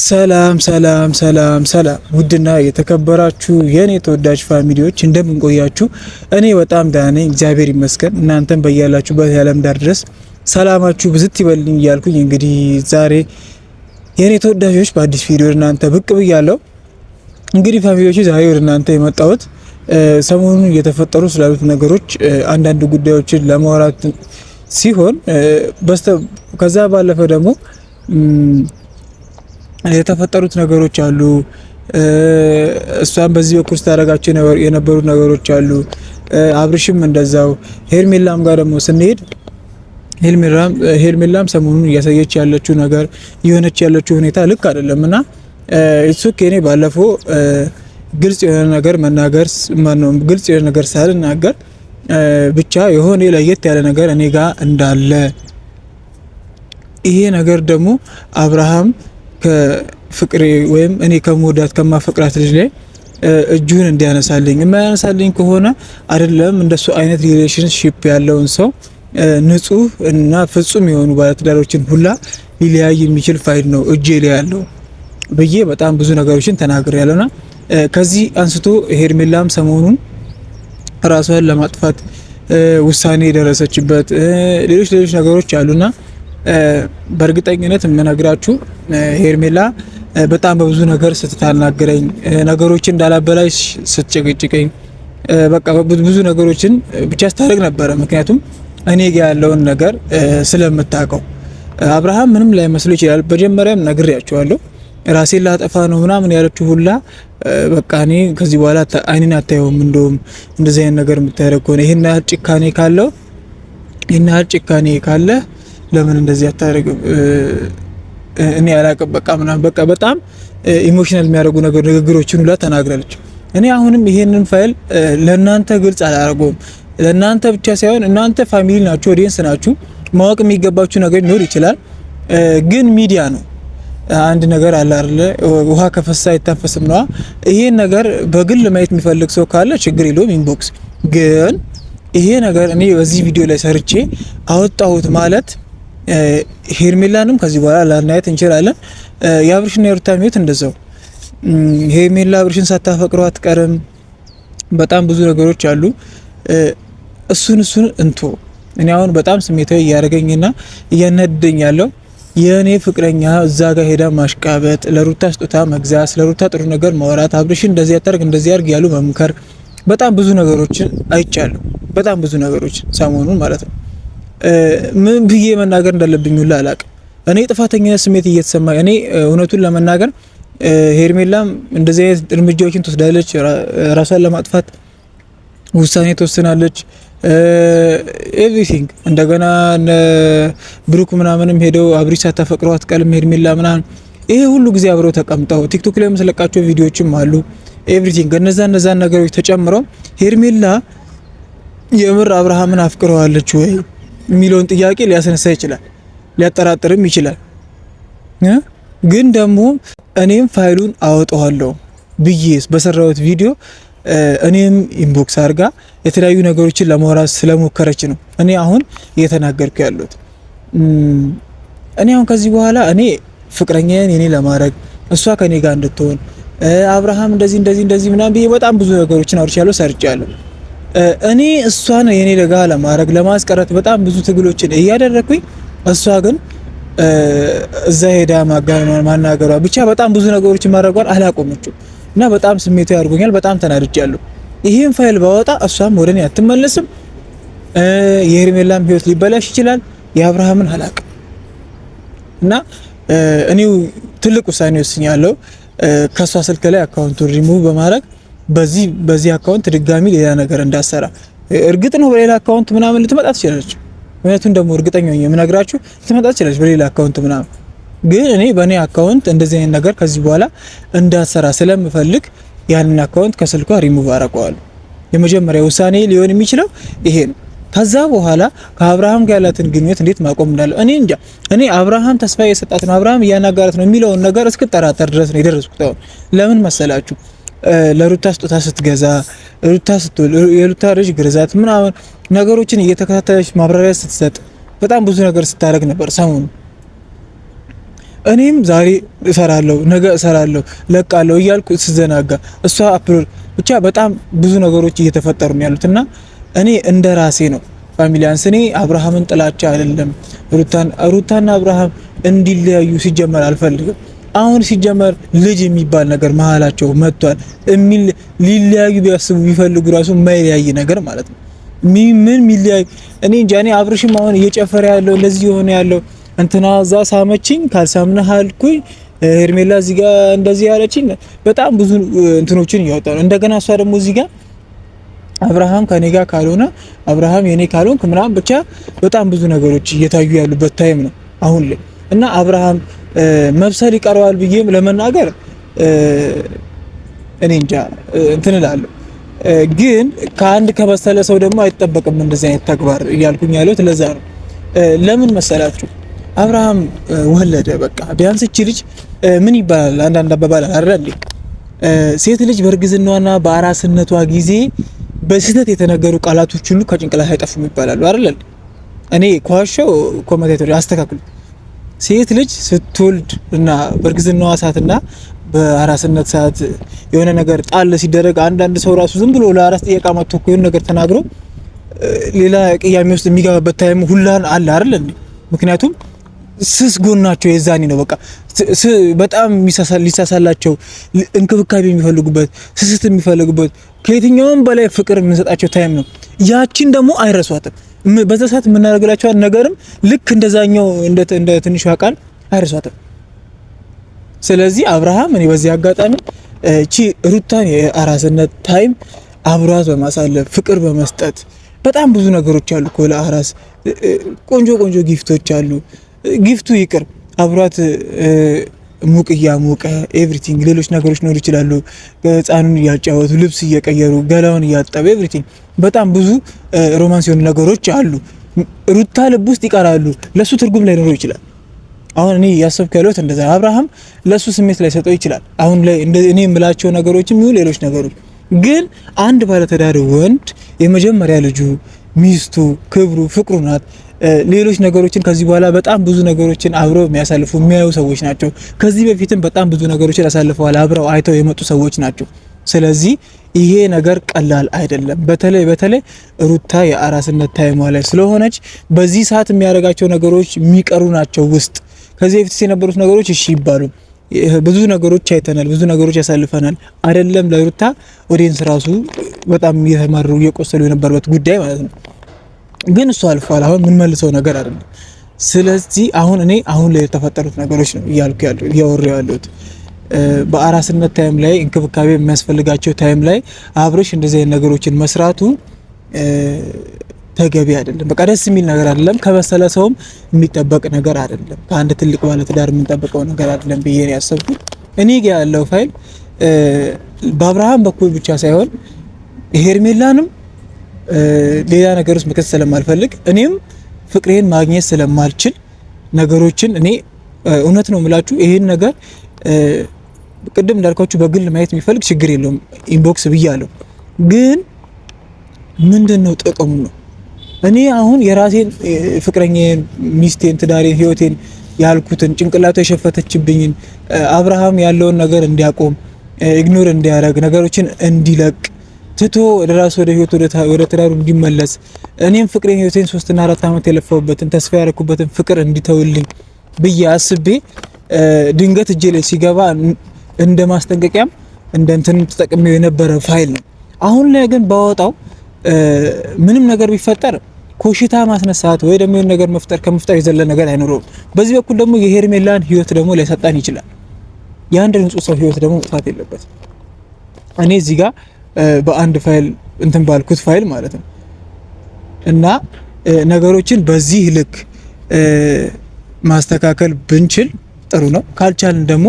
ሰላም ሰላም ሰላም ሰላም ውድና የተከበራችሁ የኔ ተወዳጅ ፋሚሊዎች እንደምንቆያችሁ፣ እኔ በጣም ደህና ነኝ፣ እግዚአብሔር ይመስገን። እናንተም በያላችሁበት የዓለም ዳር ድረስ ሰላማችሁ ብዝት ይበልኝ እያልኩኝ እንግዲህ ዛሬ የኔ ተወዳጆች በአዲስ ቪዲዮ እናንተ ብቅ ብያለሁ። እንግዲህ ፋሚሊዎች ዛሬ ወደ እናንተ የመጣሁት ሰሞኑን እየተፈጠሩ ስላሉት ነገሮች አንዳንድ ጉዳዮችን ለማውራት ሲሆን ከዛ ባለፈ ደግሞ የተፈጠሩት ነገሮች አሉ። እሷም በዚህ በኩል ስታደርጋቸው የነበሩት ነገሮች አሉ። አብርሽም እንደዛው። ሄርሜላም ጋር ደግሞ ስንሄድ ሄርሜላም ሰሞኑን እያሳየች ያለችው ነገር የሆነች ያለችው ሁኔታ ልክ አይደለም እና ኢትስ ኦኬ። ባለፈው ግልጽ የሆነ ነገር መናገር ግልጽ የሆነ ነገር ሳልናገር ብቻ የሆነ ለየት ያለ ነገር እኔ ጋር እንዳለ ይሄ ነገር ደግሞ አብርሃም ከፍቅሬ ወይም እኔ ከምወዳት ከማፈቅራት ልጅ ላይ እጁን እንዲያነሳልኝ የማያነሳልኝ ከሆነ አይደለም እንደሱ አይነት ሪሌሽንሽፕ ያለውን ሰው ንጹህ እና ፍጹም የሆኑ ባለትዳሮችን ሁላ ሊለያይ የሚችል ፋይል ነው እጄ ላይ ያለው ብዬ በጣም ብዙ ነገሮችን ተናግር ያለውና ከዚህ አንስቶ ሄርሜላም ሰሞኑን ራሷን ለማጥፋት ውሳኔ የደረሰችበት ሌሎች ሌሎች ነገሮች አሉና በእርግጠኝነት የምነግራችሁ ሄርሜላ በጣም በብዙ ነገር ስትታናግረኝ፣ ነገሮችን እንዳላበላሽ ስትጭቅጭቀኝ፣ በቃ ብዙ ነገሮችን ብቻ ስታደርግ ነበረ። ምክንያቱም እኔ ጋ ያለውን ነገር ስለምታውቀው አብርሃም ምንም ላይመስሉ ይችላል። መጀመሪያም ነግሬያቸዋለሁ ራሴን ላጠፋ ነው ምናምን ያለችው ሁላ በቃ እኔ ከዚህ በኋላ አይኔን አታየውም፣ እንደውም እንደዚህ አይነት ነገር የምታደርግ ከሆነ ይህን ያህል ጭካኔ ካለው ይህን ያህል ጭካኔ ካለ ለምን እንደዚህ አታደርግም? እኔ አላቅም በቃ ምናምን በቃ በጣም ኢሞሽናል የሚያደርጉ ነገር ንግግሮችን ሁላ ተናግራለች። እኔ አሁንም ይሄንን ፋይል ለእናንተ ግልጽ አላደርገውም። ለእናንተ ብቻ ሳይሆን እናንተ ፋሚሊ ናችሁ፣ ኦዲየንስ ናችሁ። ማወቅ የሚገባችሁ ነገር ሊኖር ይችላል፣ ግን ሚዲያ ነው። አንድ ነገር አለ አይደለ? ውሃ ከፈሳ አይታፈስም ነዋ። ይሄን ነገር በግል ማየት የሚፈልግ ሰው ካለ ችግር የለውም፣ ኢንቦክስ ግን ይሄ ነገር እኔ በዚህ ቪዲዮ ላይ ሰርቼ አወጣሁት ማለት ሄርሜላንም ከዚህ በኋላ ላናየት እንችላለን። የአብርሽና የሩታ ሚወት እንደዛው ሄርሜላ አብርሽን ሳታፈቅረው አትቀርም። በጣም ብዙ ነገሮች አሉ። እሱን እሱን እንቶ እኔ አሁን በጣም ስሜታዊ እያደረገኝና እያነደኝ ያለው የእኔ ፍቅረኛ እዛ ጋር ሄዳ ማሽቃበጥ፣ ለሩታ ስጦታ መግዛት፣ ስለሩታ ጥሩ ነገር ማውራት፣ አብርሽን እንደዚህ ያታርግ እንደዚህ ያርግ ያሉ መምከር፣ በጣም ብዙ ነገሮችን አይቻለሁ። በጣም ብዙ ነገሮች ሰሞኑን ማለት ነው። ምን ብዬ መናገር እንዳለብኝ ሁላ አላቅም። እኔ ጥፋተኛ ስሜት እየተሰማኝ እኔ እውነቱን ለመናገር ሄርሜላም እንደዚህ አይነት እርምጃዎችን ትወስዳለች፣ ራሷን ለማጥፋት ውሳኔ ትወስናለች። ኤቭሪቲንግ እንደገና ብሩክ ምናምንም ሄደው አብሪሳ ተፈቅሮ አትቀልም ሄርሜላ ምናምን ይሄ ሁሉ ጊዜ አብረው ተቀምጠው ቲክቶክ ላይ የምስለቃቸው ቪዲዮዎችም አሉ። ኤቭሪቲንግ እነዛ እነዛን ነገሮች ተጨምረው ሄርሜላ የምር አብርሃምን አፍቅረዋለች ወይ የሚለውን ጥያቄ ሊያስነሳ ይችላል፣ ሊያጠራጥርም ይችላል። ግን ደግሞ እኔም ፋይሉን አወጣዋለሁ ብዬ በሰራሁት ቪዲዮ እኔም ኢንቦክስ አድርጋ የተለያዩ ነገሮችን ለማውራት ስለሞከረች ነው እኔ አሁን እየተናገርኩ ያለሁት። እኔ አሁን ከዚህ በኋላ እኔ ፍቅረኛዬን የኔ ለማድረግ እሷ ከኔ ጋር እንድትሆን አብርሃም እንደዚህ እንደዚህ እንደዚህ ምናምን ብዬ በጣም ብዙ ነገሮችን አውርቻለሁ፣ ሰርቻለሁ። እኔ እሷን የኔ ደጋ ለማድረግ ለማስቀረት በጣም ብዙ ትግሎችን እያደረግኩኝ እሷ ግን እዛ ሄዳ ማናገሯ ብቻ በጣም ብዙ ነገሮችን ማድረጓን አላቆመችም እና በጣም ስሜቱ ያድርጎኛል። በጣም ተናድጃለሁ። ይህን ፋይል ባወጣ እሷም ወደ እኔ አትመለስም። የሄርሜላም ህይወት ሊበላሽ ይችላል። የአብርሃምን አላቅም እና እኔው ትልቅ ውሳኔ ወስኛለሁ። ከእሷ ስልክ ላይ አካውንቱን ሪሙቭ በማድረግ በዚህ በዚህ አካውንት ድጋሚ ሌላ ነገር እንዳሰራ እርግጥ ነው በሌላ አካውንት ምናምን ልትመጣ ትችላለች። ምክንያቱም ደግሞ እርግጠኛ ሆኜ የምነግራችሁ ልትመጣ ትችላለች በሌላ አካውንት ምናምን። ግን እኔ በእኔ አካውንት እንደዚህ አይነት ነገር ከዚህ በኋላ እንዳሰራ ስለምፈልግ ያንን አካውንት ከስልኳ ሪሙቭ አረቀዋለሁ። የመጀመሪያ ውሳኔ ሊሆን የሚችለው ይሄ ነው። ከዛ በኋላ ከአብርሃም ጋር ያላትን ግንኙነት እንዴት ማቆም እንዳለው እኔ እንጃ። እኔ አብርሃም ተስፋ የሰጣት ነው፣ አብርሃም እያናገራት ነው የሚለውን ነገር እስክጠራጠር ድረስ ነው የደረስኩት። ለምን መሰላችሁ? ለሩታ ስጦታ ስትገዛ ሩታ ስትል የሩታ ልጅ ግርዛት ምናምን ነገሮችን እየተከታተለች ማብራሪያ ስትሰጥ በጣም ብዙ ነገር ስታደርግ ነበር ሰሞኑ። እኔም ዛሬ እሰራለሁ፣ ነገ እሰራለሁ፣ ለቃለሁ እያልኩ ስዘናጋ እሷ አፕሎድ ብቻ በጣም ብዙ ነገሮች እየተፈጠሩ ነው ያሉት እና እኔ እንደ ራሴ ነው ፋሚሊያንስ እኔ አብርሃምን ጥላቻ አይደለም ሩታን ሩታና አብርሃም እንዲለያዩ ሲጀመር አልፈልግም። አሁን ሲጀመር ልጅ የሚባል ነገር መሀላቸው መጥቷል የሚል ሊለያዩ ቢያስቡ ቢፈልጉ ራሱ የማይለያይ ነገር ማለት ነው። ምን ሚለያዩ እኔ እንጃ። እኔ አብርሽም አሁን እየጨፈረ ያለው እንደዚህ የሆነ ያለው እንትና እዛ ሳመችኝ ካልሳምነህ አልኩኝ ሄርሜላ እዚህ ጋ እንደዚህ ያለችኝ በጣም ብዙ እንትኖችን እያወጣ ነው። እንደገና እሷ ደግሞ እዚህ ጋ አብርሃም ከኔ ጋር ካልሆነ አብርሃም የኔ ካልሆንክ ምናምን ብቻ በጣም ብዙ ነገሮች እየታዩ ያሉበት ታይም ነው አሁን ላይ እና አብርሃም መብሰል ይቀረዋል ብዬም ለመናገር እኔ እንጃ እንትን እላለሁ። ግን ከአንድ ከበሰለ ሰው ደግሞ አይጠበቅም እንደዚህ አይነት ተግባር እያልኩኝ ያለሁት ለዛ ነው። ለምን መሰላችሁ? አብርሃም ወለደ። በቃ ቢያንስ እቺ ልጅ ምን ይባላል፣ አንዳንድ አባባል አይደል? ሴት ልጅ በእርግዝናዋና በአራስነቷ ጊዜ በስህተት የተነገሩ ቃላቶች ሁሉ ከጭንቅላት አይጠፉም ይባላሉ አይደል? እኔ ኳሾ ኮመንቴተሮች አስተካክሉ። ሴት ልጅ ስትወልድ እና በእርግዝናዋ እና በአራስነት ሰዓት የሆነ ነገር ጣል ሲደረግ አንዳንድ ሰው ራሱ ዝም ብሎ ለአራስ ጥያቃ መጥቶ እኮ የሆነ ነገር ተናግሮ ሌላ ቅያሜ ውስጥ የሚገባበት ታይም ሁላን አለ አይደል እንዴ? ምክንያቱም ስስ ጎናቸው የዛኔ ነው። በቃ በጣም ሊሳሳላቸው እንክብካቤ የሚፈልጉበት ስስት የሚፈልጉበት ከየትኛውም በላይ ፍቅር የምንሰጣቸው ታይም ነው። ያቺን ደግሞ አይረሷትም። በዛ ሰዓት የምናደርግላቸዋል ነገርም ልክ እንደዛኛው እንደ ትንሿ ቃል አይረሷትም። ስለዚህ አብርሃም እኔ በዚህ አጋጣሚ እቺ ሩታን የአራስነት ታይም አብሯት በማሳለፍ ፍቅር በመስጠት በጣም ብዙ ነገሮች አሉ እኮ ለአራስ ቆንጆ ቆንጆ ጊፍቶች አሉ። ጊፍቱ ይቅር አብሯት ሙቅ እያሞቀ ኤቭሪቲንግ ሌሎች ነገሮች ኖር ይችላሉ። ሕፃኑን እያጫወቱ ልብስ እየቀየሩ ገላውን እያጠበ ኤቭሪቲንግ በጣም ብዙ ሮማንስ የሆኑ ነገሮች አሉ። ሩታ ልብ ውስጥ ይቀራሉ። ለሱ ትርጉም ላይኖረው ይችላል። አሁን እኔ ያሰብኩ ያለሁት እንደዛ አብርሃም ለሱ ስሜት ሰጠው ይችላል። አሁን ላይ እኔ የምላቸው ነገሮችም ይሁን ሌሎች ነገሮች ግን አንድ ባለትዳር ወንድ የመጀመሪያ ልጁ ሚስቱ፣ ክብሩ፣ ፍቅሩ ናት። ሌሎች ነገሮችን ከዚህ በኋላ በጣም ብዙ ነገሮችን አብረው የሚያሳልፉ የሚያዩ ሰዎች ናቸው። ከዚህ በፊትም በጣም ብዙ ነገሮችን አሳልፈዋል። አብረው አይተው የመጡ ሰዎች ናቸው። ስለዚህ ይሄ ነገር ቀላል አይደለም። በተለይ በተለይ ሩታ የአራስነት ታይሟ ላይ ስለሆነች በዚህ ሰዓት የሚያደርጋቸው ነገሮች የሚቀሩ ናቸው። ውስጥ ከዚህ በፊት የነበሩት ነገሮች እሺ ይባሉ ብዙ ነገሮች አይተናል፣ ብዙ ነገሮች ያሳልፈናል። አይደለም ለሩታ ኦዲየንስ ራሱ በጣም እየተማሩ እየቆሰሉ የነበረበት ጉዳይ ማለት ነው። ግን እሱ አልፏል። አሁን መልሰው ነገር አይደለም። ስለዚህ አሁን እኔ አሁን ላይ የተፈጠሩት ነገሮች ነው እያልኩ ያለው እያወሩ ያለሁት በአራስነት ታይም ላይ እንክብካቤ የሚያስፈልጋቸው ታይም ላይ አብረሽ እንደዚህ አይነት ነገሮችን መስራቱ ተገቢ አይደለም። በቃ ደስ የሚል ነገር አይደለም። ከበሰለ ሰውም የሚጠበቅ ነገር አይደለም። ከአንድ ትልቅ ባለትዳር የምንጠበቀው ነገር አይደለም ብዬ ነው ያሰብኩት። እኔ ጋ ያለው ፋይል በአብርሃም በኩል ብቻ ሳይሆን ሄርሜላንም ሌላ ነገር ውስጥ መክተት ስለማልፈልግ እኔም ፍቅሬን ማግኘት ስለማልችል ነገሮችን እኔ እውነት ነው የምላችሁ ይሄን ነገር ቅድም እንዳልኳችሁ በግል ማየት የሚፈልግ ችግር የለውም ኢንቦክስ ብያለሁ። ግን ምንድን ነው ጥቅሙ ነው እኔ አሁን የራሴን ፍቅረኛዬን፣ ሚስቴን፣ ትዳሬን፣ ህይወቴን ያልኩትን ጭንቅላቱ የሸፈተችብኝን አብርሃም ያለውን ነገር እንዲያቆም ኢግኖር እንዲያደርግ ነገሮችን እንዲለቅ ትቶ ወደ ራሱ ወደ ህይወቱ ወደ ትዳሩ እንዲመለስ እኔም ፍቅሬን ህይወቴን ሶስትና አራት ዓመት የለፈውበትን ተስፋ ያደረኩበትን ፍቅር እንዲተውልኝ ብዬ አስቤ ድንገት እጄ ላይ ሲገባ እንደ ማስጠንቀቂያም እንደ እንትንም ተጠቅሜው የነበረ ፋይል ነው። አሁን ላይ ግን ባወጣው ምንም ነገር ቢፈጠር ኮሽታ ማስነሳት ወይ ደግሞ የሆነ ነገር መፍጠር ከመፍጠር የዘለ ነገር አይኖረውም። በዚህ በኩል ደግሞ የሄርሜላን ህይወት ደግሞ ሊያሳጣን ይችላል። የአንድ ንጹህ ሰው ህይወት ደግሞ መጥፋት የለበትም። እኔ እዚህ ጋር በአንድ ፋይል እንትን ባልኩት ፋይል ማለት ነው እና ነገሮችን በዚህ ልክ ማስተካከል ብንችል ጥሩ ነው። ካልቻልን ደግሞ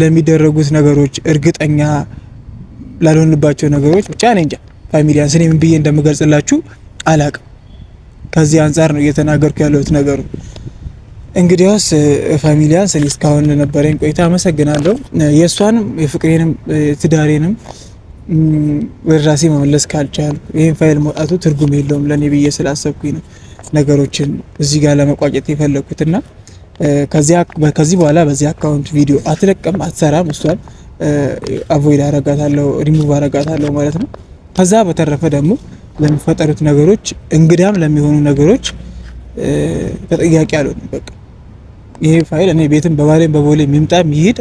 ለሚደረጉት ነገሮች እርግጠኛ ላልሆንባቸው ነገሮች ብቻ እኔ እንጃ ፋሚሊያንስ እኔ ምን ብዬ እንደምገልጽላችሁ አላቅም። ከዚህ አንጻር ነው እየተናገርኩ ያለሁት ነገሩ። እንግዲያውስ ፋሚሊያንስ እኔ እስካሁን ለነበረኝ ቆይታ አመሰግናለሁ። የእሷንም የፍቅሬንም ትዳሬንም ወደ ራሴ መመለስ ካልቻል ይህን ፋይል መውጣቱ ትርጉም የለውም ለእኔ ብዬ ስላሰብኩኝ ነው ነገሮችን እዚህ ጋር ለመቋጨት የፈለግኩትና ከዚህ በኋላ በዚህ አካውንት ቪዲዮ አትለቀም፣ አትሰራም። እሷን አቮይድ አረጋታለሁ፣ ሪሙቭ አረጋታለሁ ማለት ነው። ከዛ በተረፈ ደግሞ ለሚፈጠሩት ነገሮች እንግዳም ለሚሆኑ ነገሮች ተጠያቂ አልሆንም። በቃ ይሄ ፋይል እኔ ቤትም በባሌም በቦሌ የሚምጣም ይሄድ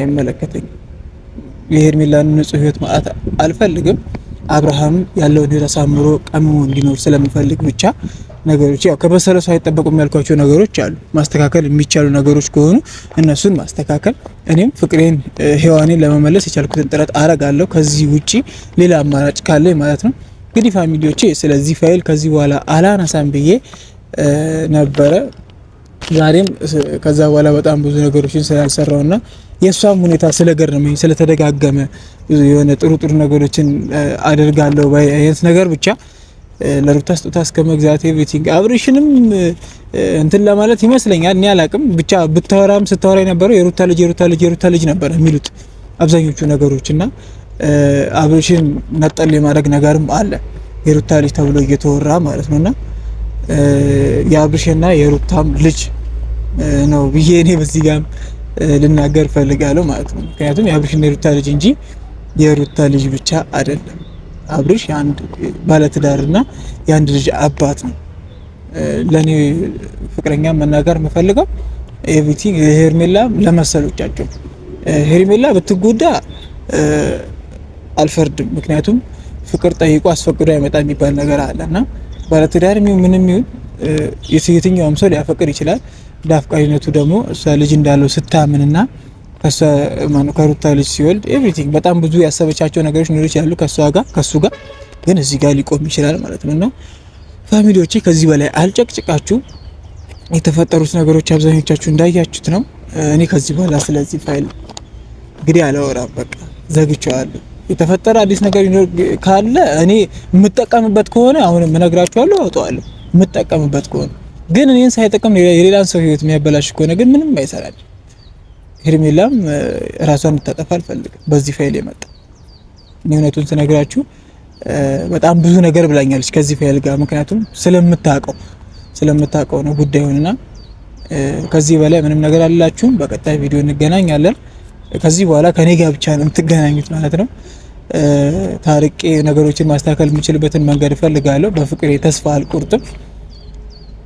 አይመለከተኝም። የሄርሜላን ንጹህ ህይወት ማጣት አልፈልግም። አብርሃም ያለውን ህይወት አሳምሮ ቀምሞ እንዲኖር ስለምፈልግ ብቻ ነገሮች ያው ከበሰለ ሰው አይጠበቁም ያልኳቸው ነገሮች አሉ። ማስተካከል የሚቻሉ ነገሮች ከሆኑ እነሱን ማስተካከል፣ እኔም ፍቅሬን ህዋኔን ለመመለስ የቻልኩትን ጥረት አረጋለሁ። ከዚህ ውጪ ሌላ አማራጭ ካለ ማለት ነው እንግዲህ ፋሚሊዎቼ ስለዚህ ፋይል ከዚህ በኋላ አላነሳም ብዬ ነበረ። ዛሬም ከዛ በኋላ በጣም ብዙ ነገሮችን ስላልሰራው እና የእሷም ሁኔታ ስለገረመኝ ስለተደጋገመ የሆነ ጥሩ ጥሩ ነገሮችን አደርጋለሁ አይነት ነገር ብቻ ለሩታ ስጦታ እስከ መግዛት ኤቭሪቲንግ አብሬሽንም እንትን ለማለት ይመስለኛል። እኔ አላቅም ብቻ ብታወራም ስታወራ የነበረው የሩታ ልጅ የሩታ ልጅ የሩታ ልጅ ነበረ የሚሉት አብዛኞቹ ነገሮች እና አብርሽን ነጠል የማድረግ ነገርም አለ የሩታ ልጅ ተብሎ እየተወራ ማለት ነውና የአብርሽና የሩታም ልጅ ነው ብዬ እኔ በዚህ ጋር ልናገር ፈልጋለሁ ማለት ነው። ምክንያቱም የአብርሽና የሩታ ልጅ እንጂ የሩታ ልጅ ብቻ አይደለም። አብርሽ የአንድ ባለትዳርና የአንድ ልጅ አባት ነው። ለእኔ ፍቅረኛ መናገር የምፈልገው ኤቪቲ ሄርሜላ ለመሰሎቻቸው ሄርሜላ ብትጎዳ አልፈርድም። ምክንያቱም ፍቅር ጠይቆ አስፈቅዶ አይመጣ የሚባል ነገር አለ እና ባለትዳር ምንም ይሁን የትኛውም ሰው ሊያፈቅር ይችላል። ለአፍቃሪነቱ ደግሞ እሷ ልጅ እንዳለው ስታምን ና ከሩታ ልጅ ሲወልድ ኤቭሪቲንግ በጣም ብዙ ያሰበቻቸው ነገሮች ኖሮች ያሉ ከእሷ ጋር ከእሱ ጋር ግን እዚህ ጋር ሊቆም ይችላል ማለት ነው እና ፋሚሊዎች ከዚህ በላይ አልጨቅጭቃችሁ የተፈጠሩት ነገሮች አብዛኞቻችሁ እንዳያችሁት ነው። እኔ ከዚህ በኋላ ስለዚህ ፋይል እንግዲህ አላወራም፣ በቃ ዘግቸዋለሁ። የተፈጠረ አዲስ ነገር ካለ እኔ የምጠቀምበት ከሆነ አሁንም እነግራችኋለሁ፣ አውጠዋለሁ። የምጠቀምበት ከሆነ ግን እኔን ሳይጠቀም የሌላን ሰው ህይወት የሚያበላሽ ከሆነ ግን ምንም አይሰራል። ሄርሜላም ራሷን እንድታጠፋ አልፈልግም። በዚህ ፋይል የመጣ እውነቱን ስነግራችሁ በጣም ብዙ ነገር ብላኛለች ከዚህ ፋይል ጋር ምክንያቱም ስለምታውቀው ስለምታውቀው ነው ጉዳዩንና ከዚህ በላይ ምንም ነገር አላችሁም። በቀጣይ ቪዲዮ እንገናኛለን። ከዚህ በኋላ ከኔ ጋር ብቻ ነው የምትገናኙት ማለት ነው። ታርቄ ነገሮችን ማስተካከል የምችልበትን መንገድ እፈልጋለሁ። በፍቅሬ ተስፋ አልቆርጥም።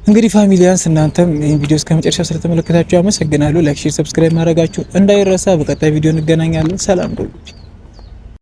እንግዲህ ፋሚሊያንስ እናንተም ይህን ቪዲዮ እስከ መጨረሻ ስለተመለከታችሁ አመሰግናለሁ። ላይክ፣ ሼር፣ ሰብስክራይብ ማድረጋችሁ እንዳይረሳ። በቀጣይ ቪዲዮ እንገናኛለን። ሰላም ቆዩልኝ።